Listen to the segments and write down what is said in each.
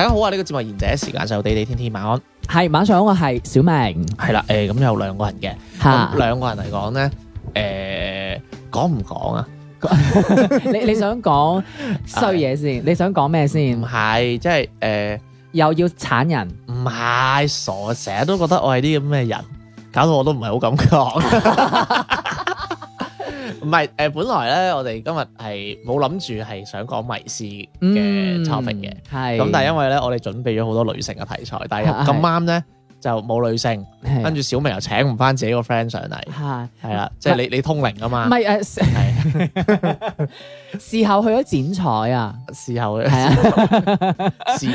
大家好啊！呢個節目現在時間就地地天天晚安，係晚上好，我係小明，係啦，誒咁有兩個人嘅，咁兩個人嚟講咧，誒講唔講啊？你你想講衰嘢先？你想講咩先？唔係，即係誒又要鏟人，唔係傻，成日都覺得我係啲咁嘅人，搞到我都唔係好咁講。唔係、呃，本來咧，我哋今日係冇諗住係想講迷思嘅評嘅，咁、嗯，是。但係因為咧，我哋準備咗好多女性嘅題材，但係咁啱咧。就冇女性，跟住小明又請唔返自己個 friend 上嚟，係係啦，即係你你通靈啊嘛，唔係誒，係事後去咗剪彩啊，事後嘅係啊，事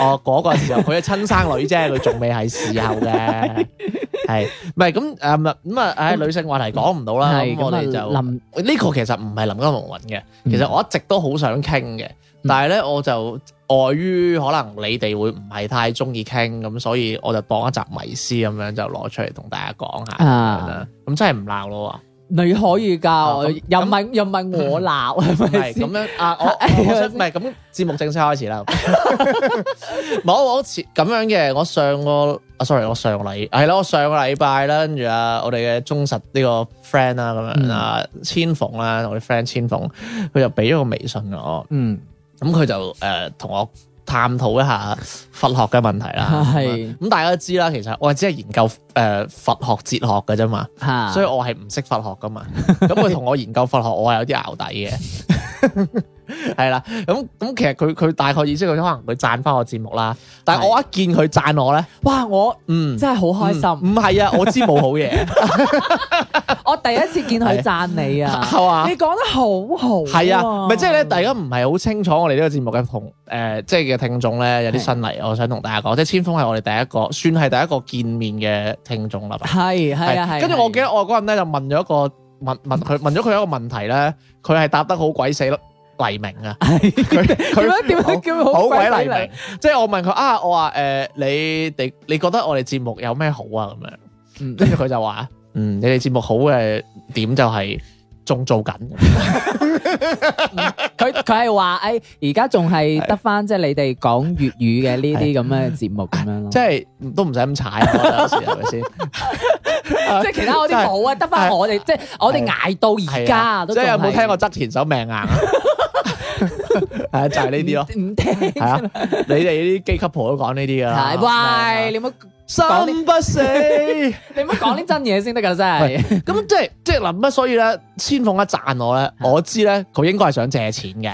哦嗰個時候佢嘅親生女啫，佢仲未係事後嘅，係唔係咁誒？咁啊，誒女性話題講唔到啦，咁我哋就林呢個其實唔係林家龍雲嘅，其實我一直都好想傾嘅，但係咧我就。礙於可能你哋會唔係太中意傾，咁所以我就當一集迷思咁樣就攞出嚟，同大家講下，咁真係唔鬧咯喎！你可以㗎，又唔係又唔係我鬧，係咪先？係咁樣啊！我唔係咁節目正式開始啦。冇，我似咁樣嘅，我上個啊，sorry，我上個禮，係啦，我上個禮拜啦，跟住啊，我哋嘅忠實呢個 friend 啦，咁樣啊，千逢啦，我啲 friend 千逢，佢就俾咗個微信我，嗯。咁佢、嗯、就誒同、呃、我探討一下佛學嘅問題啦。咁是、嗯、大家都知啦，其實我係只係研究誒、呃、佛學哲學嘅啫嘛，所以我係唔識佛學噶嘛。咁佢同我研究佛學，我係有啲淆底嘅。 係啦，咁咁其實佢佢大概意思佢可能佢讚翻我節目啦。但係我一見佢讚我咧，哇！我嗯真係好開心。唔係啊，我知冇好嘢。我第一次見佢讚你啊，係嘛？你講得好好係啊，咪即係咧？大家唔係好清楚我哋呢個節目嘅同誒，即係嘅聽眾咧有啲新嚟，我想同大家講，即係千峰係我哋第一個，算係第一個見面嘅聽眾啦。係係啊，跟住我記得我嗰陣咧就問咗一個問問佢問咗佢一個問題咧，佢係答得好鬼死咯。黎明啊，佢佢點樣點樣叫好鬼 黎明？即係我問佢啊，我話誒、呃，你哋你，你覺得我哋節目有咩好啊？咁樣，嗯，跟住佢就話， 嗯，你哋節目好嘅點就係、是。仲做緊，佢佢係話誒，而家仲係得返即係你哋講粵語嘅呢啲咁嘅節目咁樣咯，即係都唔使咁踩啊，有時係咪先？即係其他嗰啲冇啊，得返我哋，即係我哋捱到而家啊，都即係有冇聽過側田手命硬啊？係就係呢啲咯，唔聽係啊！你哋啲基級婆都講呢啲㗎啦，喂，你乜？心不死， 你唔好講啲真嘢先得噶真係。咁即係即係嗱，乜所以咧，千鳳一讚我咧，我知咧佢應該係想借錢嘅，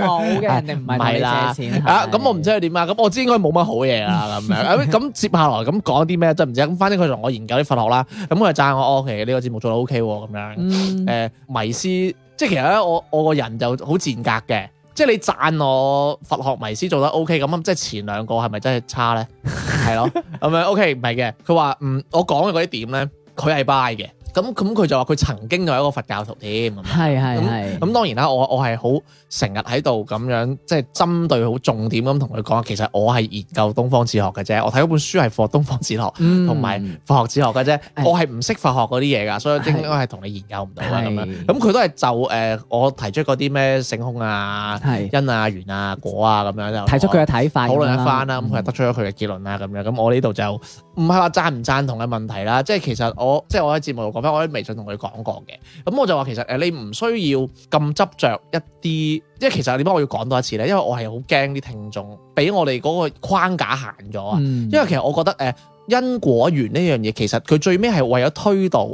冇 嘅，人哋唔係借錢。啊，咁我唔知佢點啊，咁我知應該冇乜好嘢啦，咁、嗯、樣。咁接下來咁講啲咩真唔知咁反正佢同我研究啲佛學啦，咁佢讚我，哦，其實呢個節目做得 OK 喎，咁樣。誒、嗯，迷思，即係其實咧，我我個人就好賤格嘅。即係你讚我佛學迷思做得 OK 咁啊！即係前兩個係咪真係差咧？係咯、OK，咁樣 OK 唔係嘅，佢話唔我講嘅嗰啲點咧，佢係 buy 嘅。咁咁佢就話佢曾經就係一個佛教徒添，係咁是、嗯、當然啦，我我係好成日喺度咁樣，即、就、係、是、針對好重點咁同佢講。其實我係研究東方哲學嘅啫，我睇嗰本書係課東方哲學同埋佛學哲學嘅啫，嗯、我係唔識佛學嗰啲嘢噶，所以應該係同你研究唔到啊咁樣。咁佢都係就誒、呃，我提出嗰啲咩性空啊、因啊、緣啊、果啊咁樣提出佢嘅睇法，討論一番啦。咁佢係得出咗佢嘅結論啦咁樣。咁我呢度就唔係話贊唔贊同嘅問題啦。即係其實我即係我喺節目我喺微信同佢講過嘅，咁我就話其實誒你唔需要咁執着一啲，因為其實點解我要講多一次咧？因為我係好驚啲聽眾俾我哋嗰個框架行咗啊，嗯、因為其實我覺得誒、呃、因果緣呢樣嘢，其實佢最尾係為咗推導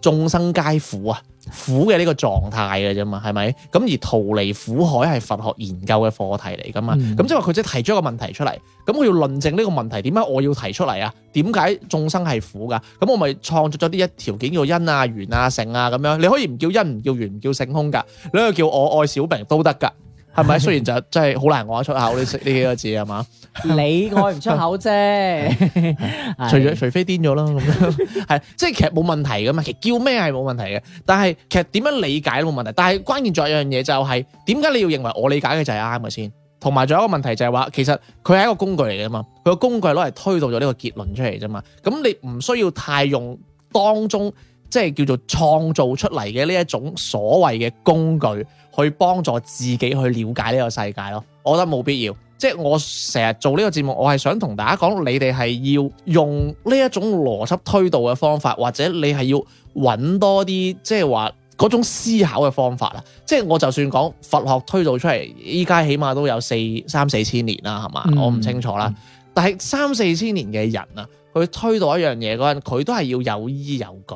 眾生皆苦啊。苦嘅呢個狀態嘅啫嘛，係咪？咁而逃離苦海係佛學研究嘅課題嚟噶嘛？咁、嗯、即係話佢即係提出一個問題出嚟，咁我要論證呢個問題點解我要提出嚟啊？點解眾生係苦噶？咁我咪創作咗啲一條件叫因啊、緣啊、性啊咁樣，你可以唔叫因，唔叫緣，唔叫性空噶，你個叫我愛小明都得噶係咪？雖然就真係好難講出口，你識呢幾個字係嘛？你愛唔出口啫 ，除咗除非癲咗啦，咁樣係，即係其實冇問題噶嘛。其實叫咩係冇問題嘅，但係其實點樣理解都冇問題。但係關鍵仲有一樣嘢就係、是，點解你要認為我理解嘅就係啱嘅先？同埋仲有一個問題就係、是、話，其實佢係一個工具嚟嘅嘛，佢個工具攞嚟推導咗呢個結論出嚟啫嘛。咁你唔需要太用當中即係叫做創造出嚟嘅呢一種所謂嘅工具。去幫助自己去了解呢個世界咯，我覺得冇必要。即係我成日做呢個節目，我係想同大家講，你哋係要用呢一種邏輯推導嘅方法，或者你係要揾多啲即係話嗰種思考嘅方法啊。即係我就算講佛學推導出嚟，依家起碼都有四三四千年啦，係嘛？嗯、我唔清楚啦。但係三四千年嘅人啊，去推導一樣嘢嗰陣，佢都係要有依有據，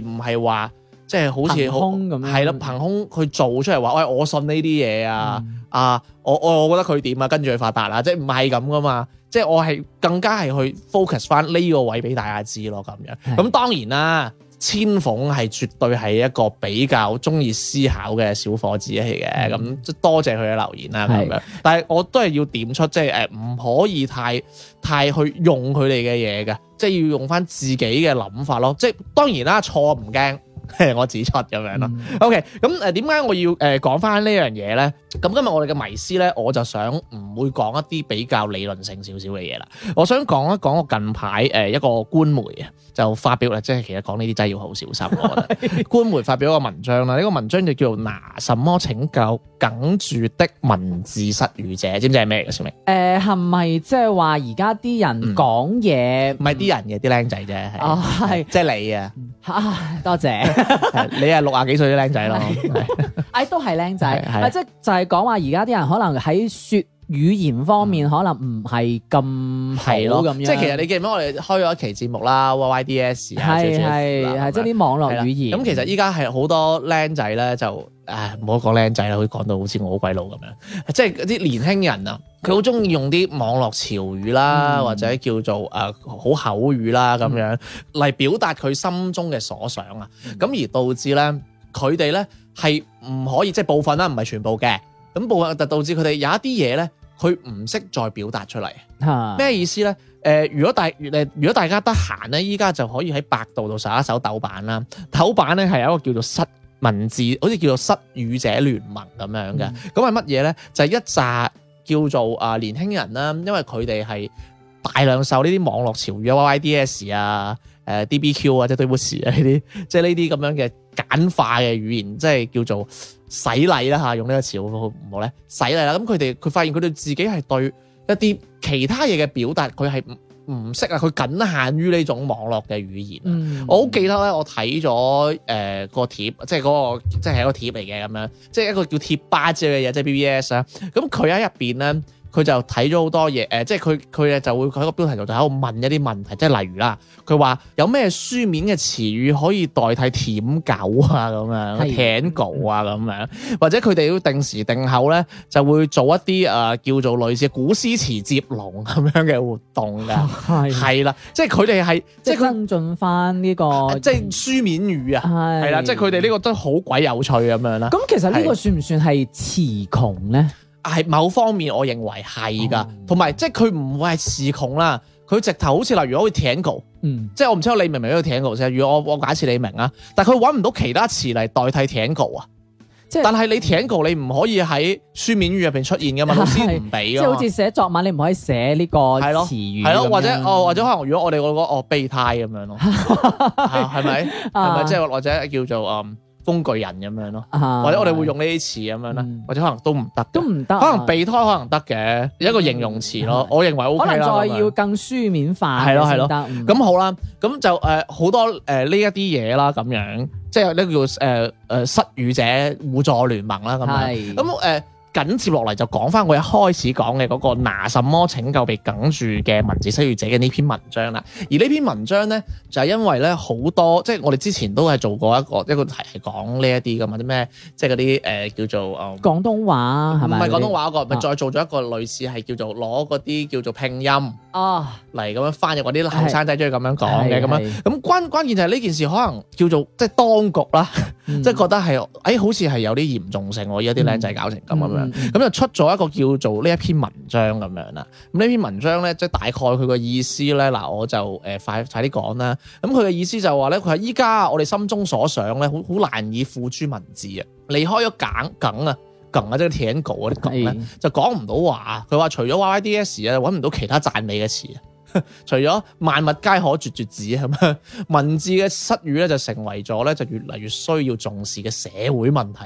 而唔係話。即係好似好空咁，係咯，憑空去做出嚟話、哎。我我信呢啲嘢啊，嗯、啊，我我我覺得佢點啊，跟住佢發達啦、啊。即係唔係咁噶嘛？即係我係更加係去 focus 翻呢個位俾大家知咯，咁樣咁是當然啦。千鳳係絕對係一個比較鍾意思考嘅小伙子嚟嘅。咁即、嗯、多謝佢嘅留言啦、啊。咁是樣，但係我都係要點出，即係誒唔可以太太去用佢哋嘅嘢嘅，即係要用翻自己嘅諗法咯。即係當然啦，錯唔驚。 我指出咁樣咯。嗯、OK，咁誒點解我要誒、呃、講翻呢樣嘢咧？咁今日我哋嘅迷思咧，我就想唔會講一啲比較理論性少少嘅嘢啦。我想講一講我近排誒、呃、一個官媒啊，就發表啦，即係其實講呢啲真係要好小心。嗯、我覺得官媒發表一個文章啦，呢 個文章就叫做《拿什麼拯救梗住的文字失語者》。知唔知係咩先？誒係咪即係話而家啲人講嘢？唔係啲人嘅，啲僆仔啫。哦，係。即係你啊？嚇，多謝。 你係六廿幾歲啲靚仔咯，哎 都係靚仔，即係 對就係講話而家啲人可能喺雪。語言方面可能唔係咁好咁樣，即係其實你記唔記得我哋開咗一期節目啦？Y Y D S 係係即係啲網絡語言。咁其實依家係好多僆仔咧，就誒唔好講僆仔啦，可以講到好似我鬼佬咁樣，即係啲年輕人啊，佢好中意用啲網絡潮語啦，或者叫做誒好口語啦咁樣嚟表達佢心中嘅所想啊。咁而導致咧，佢哋咧係唔可以，即係部分啦，唔係全部嘅。咁部分就導致佢哋有一啲嘢咧。佢唔識再表達出嚟，咩意思咧？誒、呃，如果大，誒，如果大家得閒咧，依家就可以喺百度度搜一搜豆瓣啦。豆瓣咧係有一個叫做失文字，好似叫做失語者聯盟咁樣嘅。咁係乜嘢咧？就係、是、一紮叫做啊年輕人啦，因為佢哋係大量受呢啲網絡潮語，Y Y D S 啊，誒 D B Q 啊，即、就、係、是、對不住啊呢啲，即係呢啲咁樣嘅簡化嘅語言，即、就、係、是、叫做。洗禮啦嚇，用呢個詞好唔好咧？洗禮啦，咁佢哋佢發現佢哋自己係對一啲其他嘢嘅表達，佢係唔唔識啊！佢僅限於呢種網絡嘅語言。嗯、我好記得咧，我睇咗誒個貼，即係嗰、嗰個即係一個貼嚟嘅咁樣，即係一個叫貼吧之類嘅嘢，即係 BBS 啦。咁佢喺入邊咧。佢就睇咗好多嘢，誒、呃，即係佢佢咧就會喺個標題度就喺度問一啲問題，即係例如啦，佢話有咩書面嘅詞語可以代替舔狗啊咁樣，舔狗啊咁樣，或者佢哋要定時定候咧就會做一啲誒、呃、叫做類似古詩詞接龍咁樣嘅活動嘅，係係啦，即係佢哋係即係跟進翻呢個即係書面語啊，係啦的的，即係佢哋呢個都好鬼有趣咁樣啦。咁的其實呢個算唔算係詞窮咧？係某方面，我認為係噶，同埋即係佢唔會係詞窮啦。佢直頭好似例如果，嗯、我會 tentacle 即係我唔知道你明唔明呢個 tentacle 先。如果我我假設你明啊，但係佢揾唔到其他詞嚟代替 tentacle 啊。即但係你 tentacle 你唔可以喺書面語入邊出現嘅嘛，老師唔俾嘅。即係好似寫作文，啊、你唔可以寫呢個詞語，啊，係咯，啊，或者哦或者可能如果我哋嗰，那個哦備胎咁樣咯，係咪、 啊？係咪？即係，啊、或者叫做，嗯工具人咁樣咯，啊、或者我哋會用呢啲詞咁樣啦，嗯、或者可能都唔得，都唔得，可能備胎可能得嘅，一個形容詞咯，嗯、我認為 O K 啦。可能再要更書面化，係咯係咯。咁、嗯、好、呃呃、啦，咁就誒好多誒呢一啲嘢啦，咁樣即係呢個誒誒失語者互助聯盟啦，咁樣咁誒。的緊接落嚟就講返我一開始講嘅嗰個拿什麼拯救被梗住嘅文字失語者嘅呢篇文章啦。而呢篇文章咧就係、是、因為咧好多即係、就是、我哋之前都係做過一個一個題係講呢一啲噶嘛，啲咩即係嗰啲誒叫做誒、嗯、廣東話係咪？唔係廣東話嗰、那個，咪、哦、再做咗一個類似係叫做攞嗰啲叫做拼音哦嚟咁樣翻譯嗰啲後生仔中意咁樣講嘅咁樣。咁關關鍵就係呢件事可能叫做即係當局啦，嗯、即係覺得係誒、哎、好似係有啲嚴重性喎，而家啲僆仔搞成咁咁樣。嗯嗯咁就、嗯、出咗一個叫做呢一篇文章咁樣啦。咁呢篇文章咧，即係大概佢個意思咧，嗱我就誒快快啲講啦。咁佢嘅意思就話咧，佢話依家我哋心中所想咧，好好難以付諸文字啊。離開咗梗梗啊，梗啊，即係舔狗嗰啲梗咧，井井井井就講唔到話。佢話除咗 Y Y D S 啊，揾唔到其他贊美嘅詞啊。 除咗萬物皆可絕絕子咁， 文字嘅失語咧就成為咗咧就越嚟越需要重視嘅社會問題。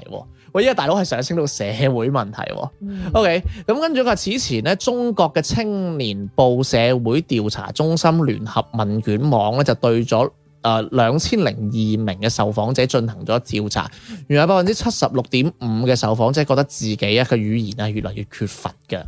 喂，而家大佬係上升到社會問題。嗯、OK，咁跟住啊，此前咧，中國嘅青年報社會調查中心聯合問卷網咧就對咗誒兩千零二名嘅受訪者進行咗調查，原來百分之七十六點五嘅受訪者覺得自己嘅語言啊越嚟越缺乏嘅。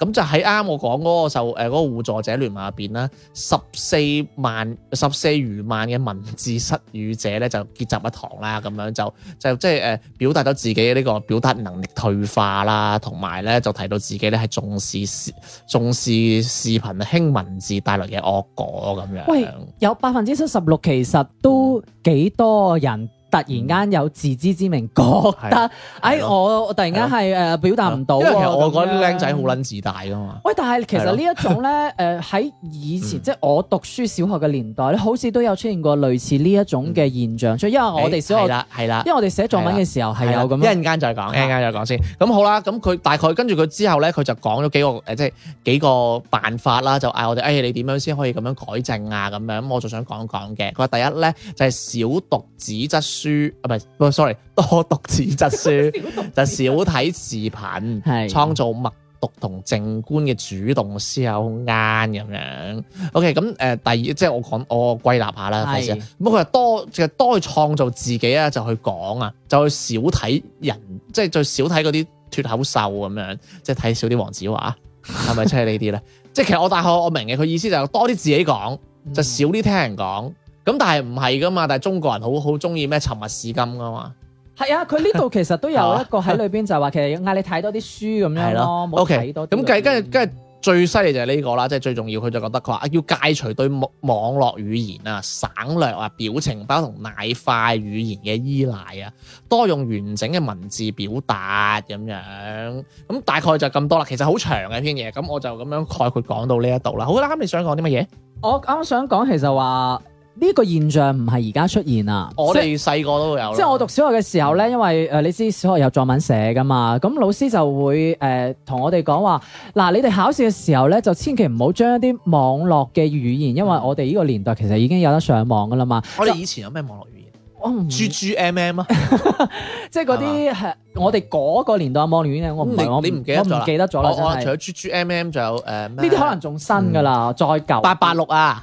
咁就喺啱我講嗰個就誒嗰個互助者聯盟入邊啦，十四萬十四餘萬嘅文字失語者咧就結集一堂啦，咁樣就就即係誒表達咗自己呢個表達能力退化啦，同埋咧就提到自己咧係重視視重視視頻輕文字帶來嘅惡果咁樣。喂，有百分之七十六，其實都幾多人？嗯突然間有自知之明，覺得誒我突然間係誒表達唔到，因為其實我覺得啲僆仔好撚自大噶嘛。喂，但係其實呢一種咧誒喺以前即係我讀書小學嘅年代咧，好似都有出現過類似呢一種嘅現象。所以因為我哋小學係啦係啦，因為我哋寫作文嘅時候係有咁樣一陣間就講，一陣間就講先。咁好啦，咁佢大概跟住佢之後咧，佢就講咗幾個誒，即係幾個辦法啦，就嗌我哋誒你點樣先可以咁樣改正啊咁樣。咁我就想講講嘅，佢話第一咧就係少讀紙質。書啊，唔 sorry 多讀紙質書，就 少睇視頻，係創的造默讀同靜觀嘅主動思考，啱咁樣。OK，咁、呃、誒，第二即係我講，我歸納下啦，費事。咁佢係多，就多去創造自己啊，就去講啊，就去少睇人，即係再少睇嗰啲脱口秀咁樣，即係睇少啲黃子華，係咪出喺呢啲咧？ 即係其實我大學我明嘅，佢意思就係多啲自己講，就少啲聽人講。嗯咁但係唔係噶嘛？但係中國人好好中意咩？沉默是金噶嘛？係 啊，佢呢度其實都有一個喺裏邊就係話，其實嗌你睇多啲書咁樣咯。O K，咁計跟住跟住最犀利就係呢個啦，即係最重要。佢就覺得佢話啊，要戒除對網網絡語言啊、省略啊、表情包同奶化語言嘅依賴啊，多用完整嘅文字表達咁樣。咁大概就咁多啦。其實好長嘅篇嘢，咁我就咁樣概括講到呢一度啦。好啦，咁你想講啲乜嘢？我啱啱想講，其實話。呢個現象唔係而家出現啊！我哋細個都有。即係我讀小學嘅時候咧，因為誒你知小學有作文寫噶嘛，咁老師就會誒同我哋講話，嗱你哋考試嘅時候咧，就千祈唔好將一啲網絡嘅語言，因為我哋呢個年代其實已經有得上網噶啦嘛。我哋以前有咩網絡語言？G G M M 啊，即係嗰啲我哋嗰個年代網絡語言我唔，你你唔記得咗啦？我唔記得咗啦，真係。除咗 G G M M，仲有誒？呢啲可能仲新噶啦，再舊。八八六啊！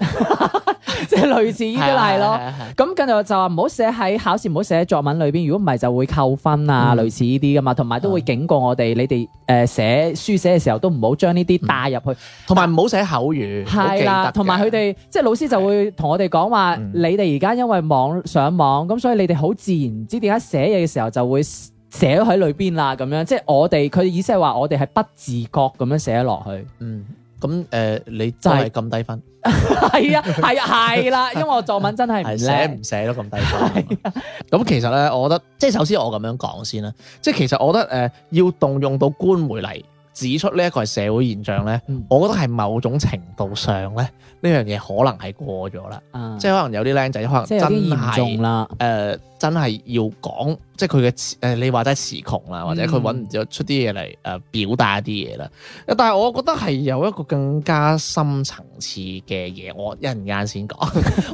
即係類似呢啲例咯，咁跟住就話唔好寫喺考試，唔好寫喺作文裏邊。如果唔係，就會扣分啊，嗯、類似呢啲㗎嘛。同埋都會警告我哋，嗯、你哋誒寫書寫嘅時候都唔好將呢啲帶入去，同埋唔好寫口語。係啦、啊，同埋佢哋即係老師就會同我哋講話，啊、你哋而家因為網上網咁，嗯、所以你哋好自然知點解寫嘢嘅時候就會寫喺裏邊啦。咁樣，樣即係我哋佢意思係話，我哋係不自覺咁樣寫落去。嗯。咁誒、呃，你真係咁低分？係、就是、 啊，係啊，係啦、啊，因為我作文真係、啊、寫唔寫都咁低分。咁、啊、其實咧，我覺得即係首先我咁樣講先啦，即係其實我覺得誒、呃、要動用到官媒嚟指出呢一個係社會現象咧，嗯、我覺得係某種程度上咧，呢樣嘢可能係過咗啦，嗯、即係可能有啲僆仔可能真係誒、嗯就是呃、真係要講，即係佢嘅詞誒你話齋詞窮啦，或者佢揾唔到出啲嘢嚟誒表達啲嘢啦。但係我覺得係有一個更加深層次嘅嘢，我一陣間先講。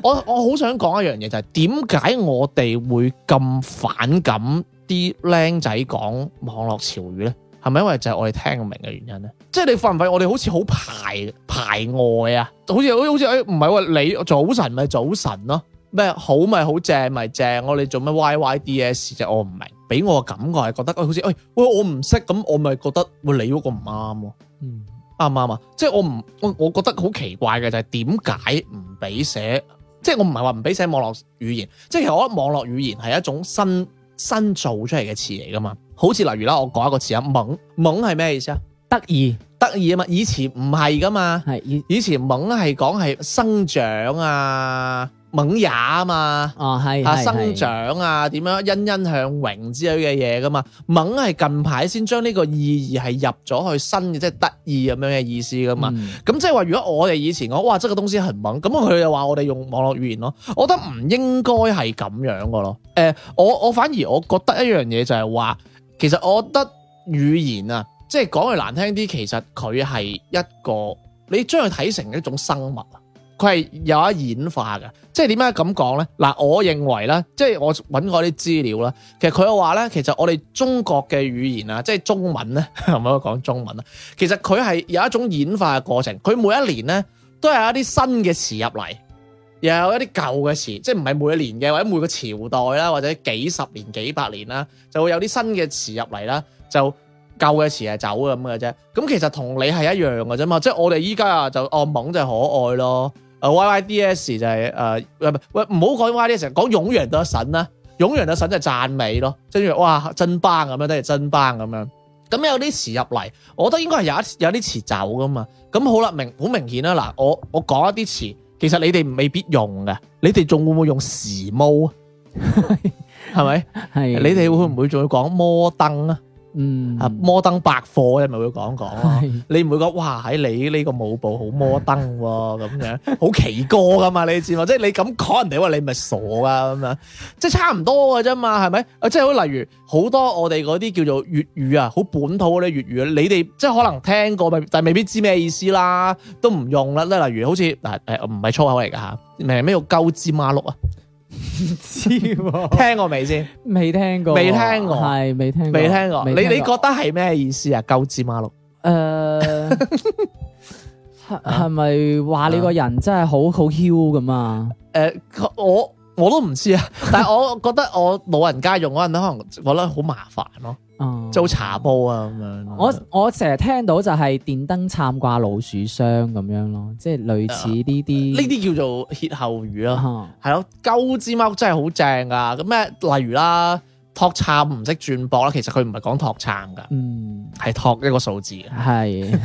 我、就是、我好想講一樣嘢就係點解我哋會咁反感啲僆仔講網絡潮語咧？ 係咪因為就係我哋聽唔明嘅原因咧？即係你發唔發？我哋好似好排排外啊！好似好似好似誒，唔係話你早晨咪早晨咯、啊，咩好咪好正咪正、啊歪歪啊，我哋做咩 Y Y D S 啫？我唔明，俾我嘅感覺係覺得，好似誒、哎，喂我唔識，咁我咪覺得，喂你嗰個唔啱咯，啱唔啱啊？即係我唔我我覺得好奇怪嘅就係點解唔俾寫？即係我唔係話唔俾寫網絡語言，即係其實我諗網絡語言係一種新。新做出嚟嘅詞嚟㗎嘛？好似例如啦，我講一個詞啊，萌萌係咩意思啊？得意得意啊嘛，以前唔係㗎嘛，係以以前萌係講係生長啊。萌芽啊嘛，啊係吓生長啊，點樣欣欣向榮之類嘅嘢噶嘛，萌係、嗯、近排先將呢個意義係入咗去新嘅，即係得意咁樣嘅意思噶嘛。咁即係話，如果我哋以前講哇，即、這、係個東西係萌，咁佢又話我哋用網絡語言咯。我覺得唔應該係咁樣噶咯。誒、呃，我我反而我覺得一樣嘢就係話，其實我覺得語言啊，即係講句難聽啲，其實佢係一個你將佢睇成一種生物佢係有一演化嘅，即係點解咁講咧？嗱，我認為咧，即係我揾過啲資料啦。其實佢又話咧，其實我哋中國嘅語言啊，即係中文咧，唔好講中文啊。其實佢係有一種演化嘅過程。佢每一年咧，都有一啲新嘅詞入嚟，又有一啲舊嘅詞，即係唔係每一年嘅，或者每個朝代啦，或者幾十年、幾百年啦，就會有啲新嘅詞入嚟啦，就舊嘅詞係走咁嘅啫。咁其實同你係一樣嘅啫嘛。即係我哋依家啊，哦就哦萌就係可愛咯。Uh, YYDS 就係誒誒唔好講 YYDS，講永遠都神啦，永遠都神就係讚美咯，即係哇真棒咁樣，真係真棒咁樣。咁、嗯、有啲詞入嚟，我覺得應該係有一有啲詞走㗎嘛。咁好啦，明好明顯啦、啊。嗱，我我講一啲詞，其實你哋未必用嘅，你哋仲會唔會用時髦啊？係咪？係。你哋會唔會仲要講摩登啊？嗯，啊，摩登百貨的、哎，你咪會講講，你唔會覺，哇，喺你呢個舞步好摩登喎、哦，咁、嗯、樣，好奇哥噶嘛，你知 你你嘛？即係你咁講，人哋話你咪傻啊咁樣，即係差唔多噶啫嘛，係咪？啊，即係好例如好多我哋嗰啲叫做粵語啊，好本土嗰啲粵語，你哋即係可能聽過，但係未必知咩意思啦，都唔用啦。咧例如好似嗱，誒唔係粗口嚟噶吓，咩、啊、咩叫鳩尖馬落？唔知， 聽過未先？未聽過，未聽過，係未聽，未聽過。聽過你過你覺得係咩意思啊？九字馬六？誒、呃，係咪話你個人真係好好囂咁啊？誒、啊，我。我都唔知啊，但係我覺得我老人家用嗰陣都 可能覺得好麻煩咯，做茶、嗯、煲啊咁樣。我是我成日聽到就係電燈杉掛老鼠箱咁樣咯，即、就、係、是、類似呢啲。呢啲、啊啊啊、叫做歇後語咯，係咯。鳩之貓真係好正噶，咁咩？例如啦，托杉唔識轉駁啦，其實佢唔係講托杉噶，嗯，係托一個數字嘅，係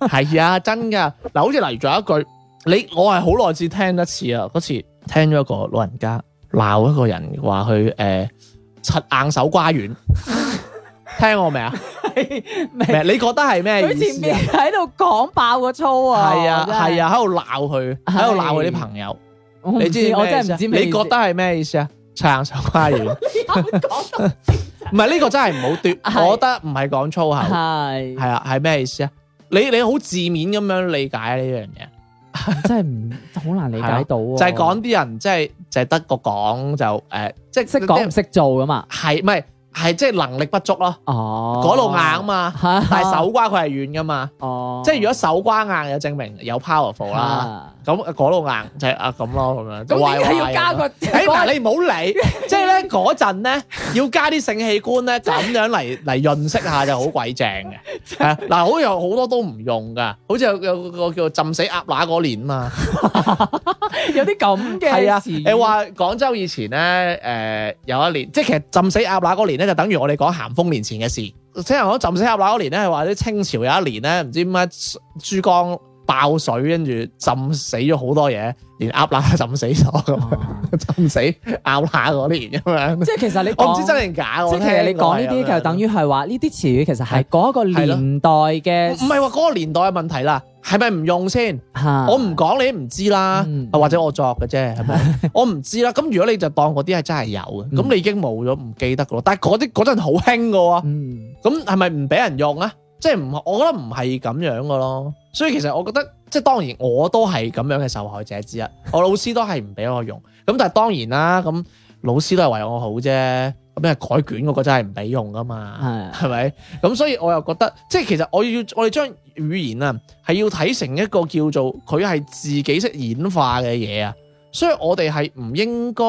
係、嗯、啊，真噶嗱，好似例如仲有一句。你我係好耐次聽一次啊！嗰次聽咗一個老人家鬧一個人話佢誒，七硬手瓜軟，聽過未啊？未？你覺得係咩意思啊？佢前面喺度講爆個粗啊！係啊係啊，喺度鬧佢，喺度鬧佢啲朋友。你知我真係唔知咩？你覺得係咩意思啊？七硬手瓜軟，唔係呢個真係唔好端，我覺得唔係講粗口，係係啊係咩意思啊？你你好字面咁樣理解呢樣嘢。 真係唔好難理解到、啊，就係講啲人，即係就係、係就係哎就係、得個講就誒，即係識講唔識做㗎嘛，係唔係？係即係能力不足咯，嗰度硬啊嘛，但係手瓜佢係軟噶嘛，即係如果手瓜硬就證明有 powerful 啦。咁嗰度硬就啊咁咯咁樣，咁你要加個，誒嗱你唔好理，即係咧嗰陣咧要加啲性器官咧咁樣嚟嚟潤色下就好鬼正嘅。嗱，好似有好多都唔用噶，好似有有個叫浸死鴨乸嗰年啊嘛，有啲咁嘅事啊，你話廣州以前咧，誒有一年，即係其實浸死鴨乸嗰年就等於我哋講咸豐年前嘅事，聽人講浸死鴨乸嗰年咧，話啲清朝有一年咧，唔知乜珠江。爆水，跟住浸死咗好多嘢，連鴨乸浸死咗，浸死鴨乸嗰啲咁樣。即係其實你，我唔知真定假。即係其實你講呢啲，就等於係話呢啲詞語，其實係嗰個年代嘅。唔係話嗰個年代嘅問題啦，係咪唔用先？我唔講你唔知啦，或者我作嘅啫，我唔知啦。咁如果你就當嗰啲係真係有，咁你已經冇咗，唔記得咯。但係嗰啲嗰陣好興嘅喎，咁係咪唔俾人用啊？即係唔，我覺得唔係咁樣嘅咯。所以其實我覺得，即係當然我都係咁樣嘅受害者之一，我老師都係唔俾我用。咁 但係當然啦，咁老師都係為我好啫。咁咩改卷嗰個真係唔俾用㗎嘛？係， 係咪？咁所以我又覺得，即係其實我要我哋將語言啊，係要睇成一個叫做佢係自己識演化嘅嘢啊。所以我哋係唔應該，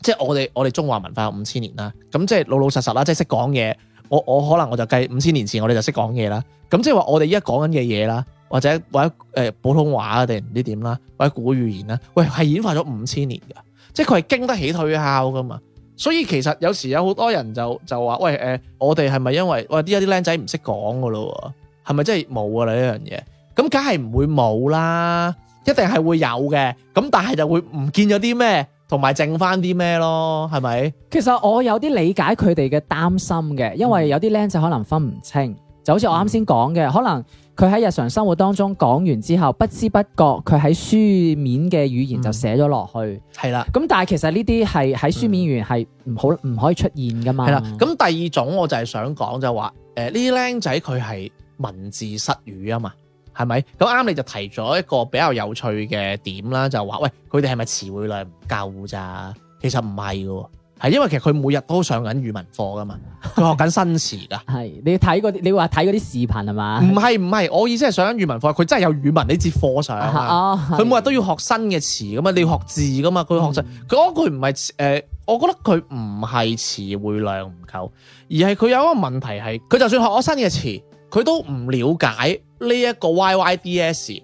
即係我哋我哋中華文化有五千年啦。咁即係老老實實啦，即係識講嘢。我我可能我就計五千年前我哋就識講嘢啦。咁即係話我哋依家講緊嘅嘢啦。或者或者誒普通話啊，定唔知點啦，或者古語言啦，喂，係演化咗五千年噶，即係佢係經得起推敲噶嘛。所以其實有時有好多人就就話，喂誒，我哋係咪因為喂啲有啲僆仔唔識講噶咯？係咪真係冇噶啦呢樣嘢？咁梗係唔會冇啦，一定係會有嘅。咁但係就會唔見咗啲咩，同埋剩翻啲咩咯？係咪？其實我有啲理解佢哋嘅擔心嘅，因為有啲僆仔可能分唔清，就好似我啱先講嘅，可能。佢喺日常生活當中講完之後，不知不覺佢喺書面嘅語言就寫咗落去，係啦、嗯。咁但係其實呢啲係喺書面語言係唔好唔、嗯、可以出現噶嘛。係啦。咁第二種我就係想講就話、是，誒呢啲僆仔佢係文字失語啊嘛，係咪咁啱？剛剛你就提咗一個比較有趣嘅點啦，就話喂佢哋係咪詞彙量唔夠咋？其實唔係㗎。係，因為其實佢每日都上緊語文課噶嘛，佢 學緊新詞噶。係，你睇嗰啲，你話睇嗰啲視頻係嘛？唔係唔係，我意思係上緊語文課，佢真係有語文呢節課上。佢，啊哦，每日都要學新嘅詞噶嘛，的你要學字噶嘛，佢學佢嗰句唔係誒，我覺得佢唔係詞彙量唔夠，而係佢有一個問題係，佢就算學咗新嘅詞，佢都唔了解呢一個 Y Y D S，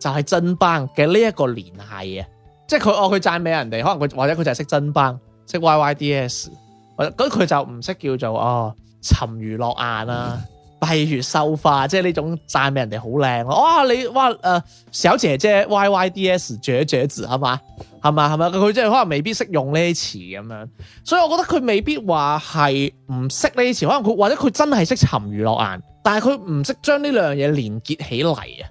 就係真班嘅呢一個聯繫啊。即係佢哦，佢讚美人哋，可能佢或者佢就係識真班。識 Y Y D S，咁佢就唔識叫做哦沉魚落雁啦，閉月羞花，即係呢種讚俾人哋好靚咯。哇，你哇誒小姐姐 Y Y D S 絕絕子係嘛？係嘛？係嘛？佢即係可能未必識用呢啲詞咁樣，所以我覺得佢未必話係唔識呢啲詞，可能佢或者佢真係識沉魚落雁，但係佢唔識將呢兩樣嘢連結起嚟啊。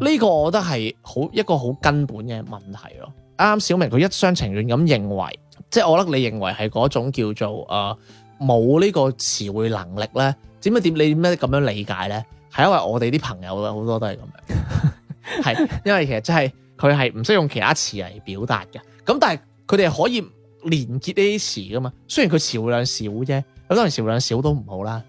呢、呢個我覺得係好一個好根本嘅問題咯。啱啱、嗯、小明佢一廂情願咁認為。即係我覺得你認為係嗰種叫做誒冇呢個詞彙能力咧？點解點你點解咁樣理解咧？係因為我哋啲朋友好多都係咁樣，係 因為其實真係佢係唔識用其他詞嚟表達嘅。咁但係佢哋可以連結呢啲詞噶嘛？雖然佢詞彙量少啫，咁當然詞彙量少都唔好啦。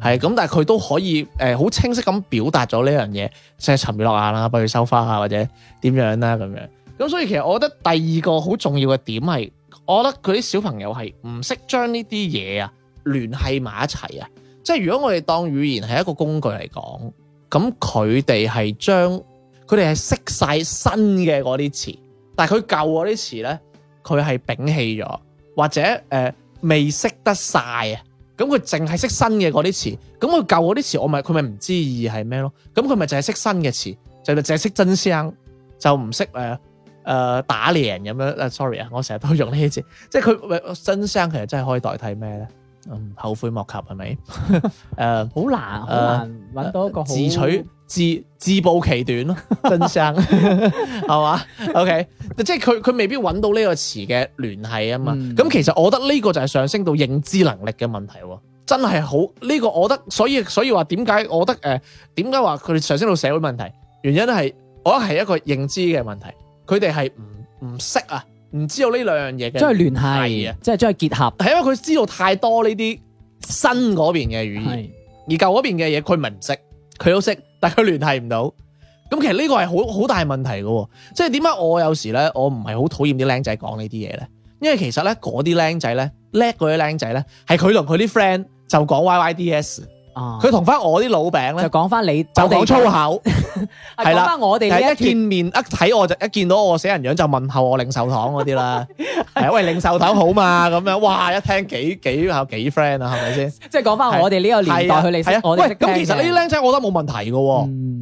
係咁、嗯，但係佢都可以誒好、呃、清晰咁表達咗呢樣嘢，成日沉住落眼啦，不如收花啊，或者點樣啦咁樣。咁所以其實我覺得第二個好重要嘅點係。我覺得佢啲小朋友係唔識將呢啲嘢啊聯繫埋一齊啊！即係如果我哋當語言係一個工具嚟講，咁佢哋係將佢哋係識晒新嘅嗰啲詞，但係佢舊嗰啲詞咧，佢係摒棄咗，或者誒、呃、未識得晒啊！咁佢淨係識新嘅嗰啲詞，咁佢舊嗰啲詞，我咪佢咪唔知意義係咩咯？咁佢咪淨係識新嘅詞，就係淨係識真聲，就唔識誒。呃誒、呃，打臉咁樣誒，sorry 啊，sorry，我成日都用呢啲字，即係佢，真聲其實真係可以代替咩咧？嗯，後悔莫及係咪？誒，好、 uh, 難，好、uh, 難揾到一個自取自自暴其短咯，真聲係嘛？OK，即係佢佢未必揾到呢個詞嘅聯繫啊嘛。咁、嗯、其實我覺得呢個就係上升到認知能力嘅問題，真係好呢個我覺得，所以所以話點解我覺得誒，點解話佢上升到社會問題？原因係我覺得係一個認知嘅問題。佢哋係唔唔識啊，唔知道呢兩樣嘢嘅，繫的即係聯繫啊，即係即係結合。係因為佢知道太多呢啲新嗰邊嘅語言，的而舊嗰邊嘅嘢佢唔係唔識，佢都識，但係佢聯繫唔到。咁其實呢個係好好大問題嘅喎、哦。即係點解我有時咧，我唔係好討厭啲僆仔講呢啲嘢咧？因為其實咧，嗰啲僆仔咧叻嗰啲僆仔咧，係佢同佢啲 friend 就講 Y Y D S。佢同翻我啲老餅咧，就講翻你，就講粗口，係啦。我哋一見面一睇我就一見到我死人樣就問候我領袖堂嗰啲啦。係啊，喂，領袖堂好嘛咁樣。哇，一聽幾幾下幾 friend 啊，係咪先？即係講翻我哋呢個年代去理解我哋。喂，咁其實呢啲僆仔，我覺得冇問題嘅。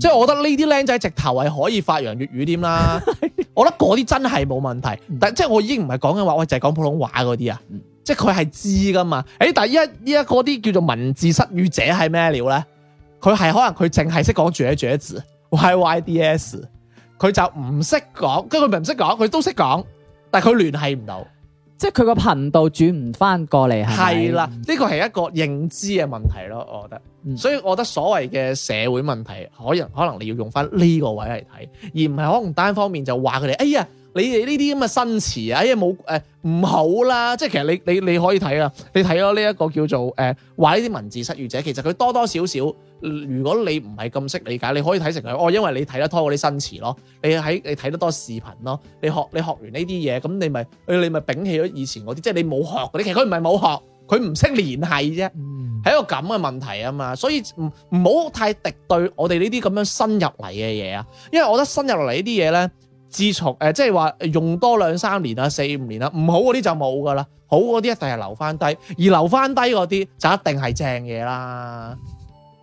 即係我覺得呢啲僆仔直頭係可以發揚粵語添啦。我覺得嗰啲真係冇問題，但即係我已經唔係講緊話，喂就係講普通話嗰啲啊。即係佢係知㗎嘛？誒、哎，但係依家依家啲叫做文字失語者係咩料咧？佢係可能佢淨係識講住左字，Y Y D S，佢就唔識講，跟佢咪唔識講？佢都識講，但係佢聯繫唔到，即係佢個頻道轉唔翻過嚟係。係啦，呢個係一個認知嘅問題咯，我覺得。嗯、所以我覺得所謂嘅社會問題，可能可能你要用翻呢個位嚟睇，而唔係可能單方面就話佢哋，哎呀。你哋呢啲咁嘅新詞啊，因為冇誒唔好啦，即係其實你你你可以睇啊，你睇咗呢一個叫做誒話呢啲文字失語者，其實佢多多少少，呃、如果你唔係咁識理解，你可以睇成佢哦，因為你睇得多嗰啲新詞咯，你喺你睇得多視頻咯，你學你學完呢啲嘢，咁你咪你咪摒棄咗以前嗰啲，即係你冇學嗰啲，其實佢唔係冇學，佢唔識聯繫啫，係、嗯、一個咁嘅問題啊嘛，所以唔唔好太敵對我哋呢啲咁樣新入嚟嘅嘢啊，因為我覺得新入嚟呢啲嘢咧。自從誒、呃，即係話用多兩三年啦，四五年啦，唔好嗰啲就冇噶啦，好嗰啲一定係留翻低，而留翻低嗰啲就一定係正嘢啦。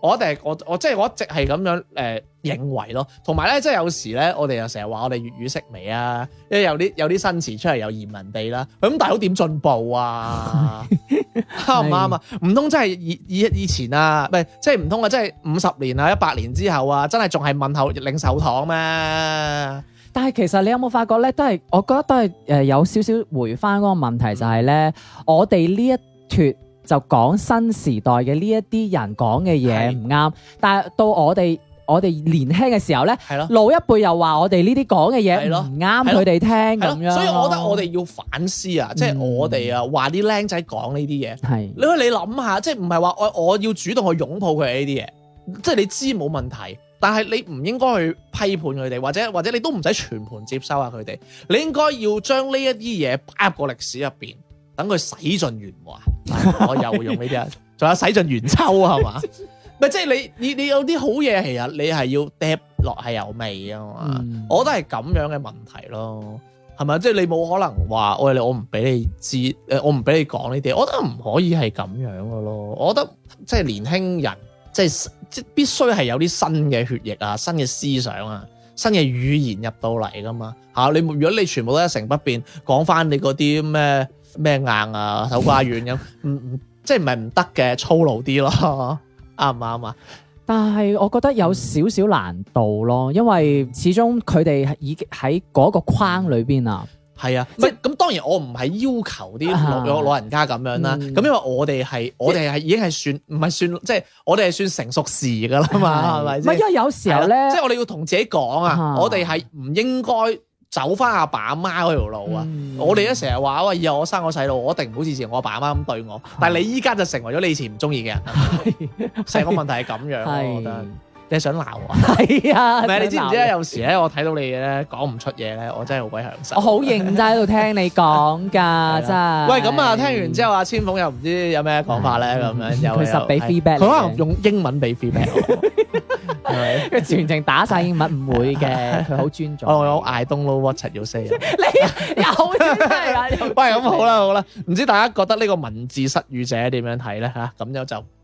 我哋我我即係我一直係咁樣誒、呃、認為咯。同埋咧，即係有時咧，我哋又成日話我哋粵語式微啊，因為有啲有啲新詞出嚟，又移民地啦、啊、咁，大佬點進步啊？啱唔啱啊？唔通是真係以以以前啊？唔係即係唔通啊？即係五十年啊，一百年之後啊，真係仲係問候令壽堂咩？但係其實你有冇發覺咧，都係我覺得都係誒、呃、有少少回翻嗰個問題就呢，就係咧，我哋呢一脱就講新時代嘅呢一啲人講嘅嘢唔啱，是的 但係到我哋我哋年輕嘅時候咧，是的 老一輩又話我哋呢啲講嘅嘢唔啱佢哋聽，係咯，所以我覺得我哋要反思啊，嗯、即係我哋啊話啲僆仔講呢啲嘢，係是的 你可你諗下，即係唔係話我我要主動去擁抱佢呢啲嘢，即係你知冇問題。但係你唔應該去批判佢哋，或者或者你都唔使全盤接收下佢哋，你應該要將呢一啲嘢，擺入個歷史入邊，等佢洗盡鉛華。 但我又用呢啲啊，仲有洗盡鉛抽係嘛？唔即係你你你有啲好嘢其實，你係要跌落係有味啊嘛、嗯就是。我覺得係咁樣嘅問題咯，係咪？即係你冇可能話我哋我唔俾你知，誒我唔俾你講呢啲，我覺得唔可以係咁樣噶咯。我覺得即係、就是、年輕人。即係即必須係有啲新嘅血液啊、新嘅思想啊、新嘅語言入到嚟噶嘛嚇、啊！你如果你全部都一成不變，講翻你嗰啲咩咩硬啊、手瓜軟咁，唔唔、 嗯、即係唔係唔得嘅粗魯啲咯？啱唔啱啊？ 但係我覺得有少少難度咯，因為始終佢哋已經喺嗰個框裏邊啊。係啊，唔咁當然我唔係要求啲老老人家咁樣啦，咁因為我哋係我哋係已經係算唔係算即係我哋係算成熟時噶啦嘛，係咪？唔因為有時候咧，即係我哋要同自己講啊，我哋係唔應該走翻阿爸阿媽嗰條路啊！我哋一成日話喂，以後我生個細路，我一定唔好似之前我阿爸阿媽咁對我。但係你依家就成為咗你以前唔中意嘅人。細個問題係咁樣，我覺得。你想鬧我？係啊！唔係你知唔知咧？有時咧，我睇到你咧講唔出嘢咧，我真係好鬼享受。我好認真喺度聽你講噶，真係。喂，咁啊，聽完之後，阿千鳳又唔知有咩講法咧，咁樣又佢實俾 feedback，可能用英文俾 feedback，因為全程打晒英文唔會嘅，佢好尊重。我有 I don't know what you say。你有真喂，咁好啦，好啦，唔知大家覺得呢個文字失語者點樣睇咧？吓，咁又就。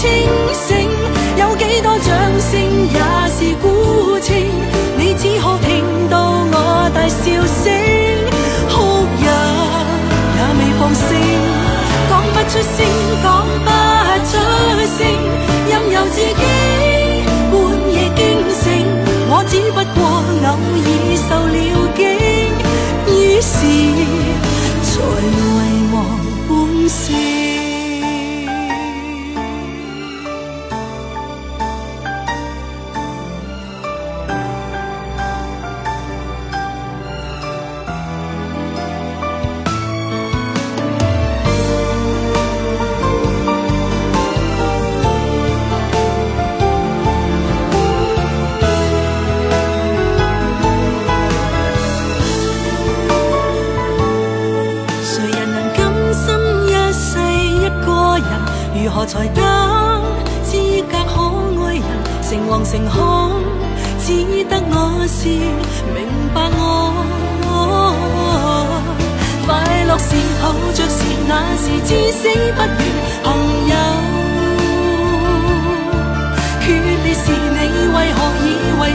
清醒，有幾多掌聲也是孤清，你只可聽到我大笑聲，哭泣也未放聲，講不出聲，講不出聲，任由自己半夜驚醒，我只不過偶爾受累。